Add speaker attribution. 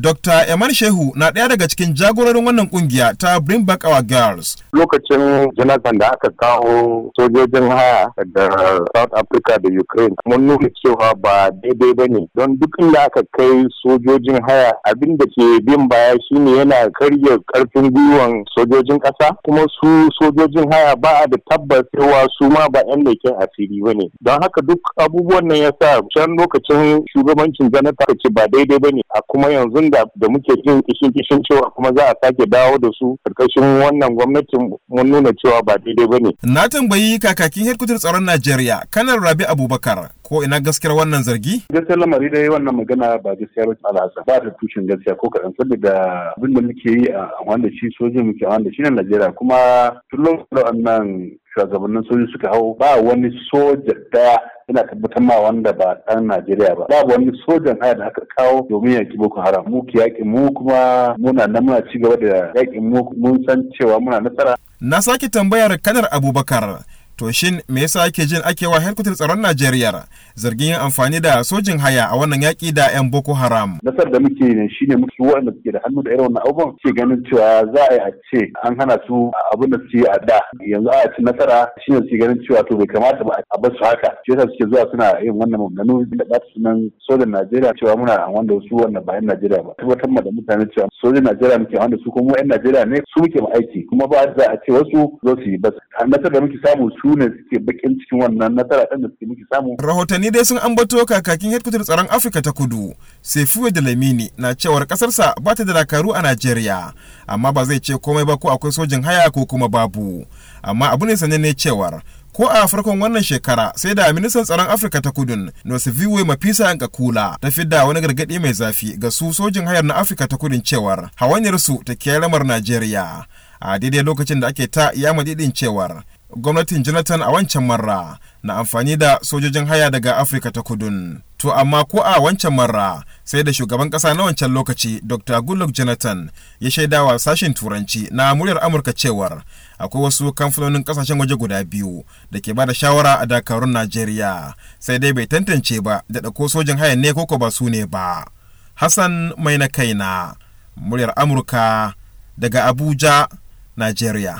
Speaker 1: Dr. Eman Shehu na ɗaya daga cikin jagororin wannan kungiya ta Bring Back Our Girls.
Speaker 2: Lokacin Jonathan da aka kawo sojojin haya da South Africa da Ukraine mun nuna cewa ba daidai ba ne don duk inda aka kai sojojin haya abin da ke bin baya shine yana karya karfin gwiwan sojojin ƙasa kuma su sojojin haya ba a da tabbas cewa su ma ba 'yan leken asiri ba ne. Don haka duk abubuwan nan ya sa can lokacin shugabancin janata ce ba daidai ba ne a kuma yanzu da muke jin kishin kishin cewa kuma za a sake dawo da su karkashin wannan gwamnatin mun nuna cewa ba daidai ba ne.
Speaker 1: Na tambayi kakakin hedkwatar tsaron Najeriya kanar Rabi Abubakar ko ina gaskiyar wannan zargi?
Speaker 3: Gaskiyar lamari dai wannan magana ba gaskiya ba alasa ba da tushen gaskiya ko kaɗan saboda abin da muke yi a wanda shi sojin muke wanda shi ne Najeriya kuma tun lokacin da wannan shugabannin soji suka hau ba wani soja daya Yana tabbatar ma wanda ba ɗan Najeriya ba babu wani sojan haya da aka kawo domin yaki Boko Haram mu ki yaƙi mu kuma muna nan muna ci gaba da yakin mu mun san cewa muna nasara
Speaker 1: na sake tambayar kanar Abubakar To shin me yasa ake jin ake wa hankutar tsaron Najeriya zargin yin amfani da sojin haya a wannan yaki da 'yan Boko Haram? Nasar da muke ne shine
Speaker 3: muke waɗanda suke da hannu da irin wannan abubuwan suke ganin cewa za a yi a ce an hana su abin da suke a da yanzu a ci nasara shine suke ganin cewa to bai kamata ba a bar su haka shi yasa suke zuwa suna yin wannan maganganu da su sunan sojan Najeriya cewa muna wanda su wannan ba 'yan Najeriya ba tabbatar ma da mutane cewa sojan Najeriya muke wanda su kuma 'yan Najeriya ne su muke mu aiki kuma ba za a ce wasu zo su yi ba nasar da muke samu su su ne suke bakin cikin wannan nasara ɗin da suke muke samu.
Speaker 1: Rahotanni dai sun ambato kakakin hedkwatar tsaron Afirka ta kudu, sefue da Lamini na cewar ƙasarsa ba ta da dakaru a Najeriya, amma ba zai ce komai ba ko akwai sojin haya ko kuma babu. Amma abu ne ne cewar ko a farkon wannan shekara sai da ministan tsaron afirka ta kudun nosiviwe mafisa yanka kula ta fidda wani gargaɗi mai zafi ga su sojin hayar na afirka ta kudun cewar hawan su ta kiyaye lamar najeriya a daidai lokacin da ake ta ya madidin cewar gwamnatin jonathan a wancan marra na amfani da sojojin haya daga afirka ta kudun to amma ko a wancan marra sai da shugaban kasa na wancan lokaci dr goodluck jonathan ya shaidawa sashen turanci na muryar amurka cewar akwai wasu kamfanonin kasashen waje guda biyu da ke bada shawara a dakarun najeriya sai dai bai tantance ba da ɗauko sojin haya ne koko ba su ne ba hassan mai na kaina muryar amurka daga abuja najeriya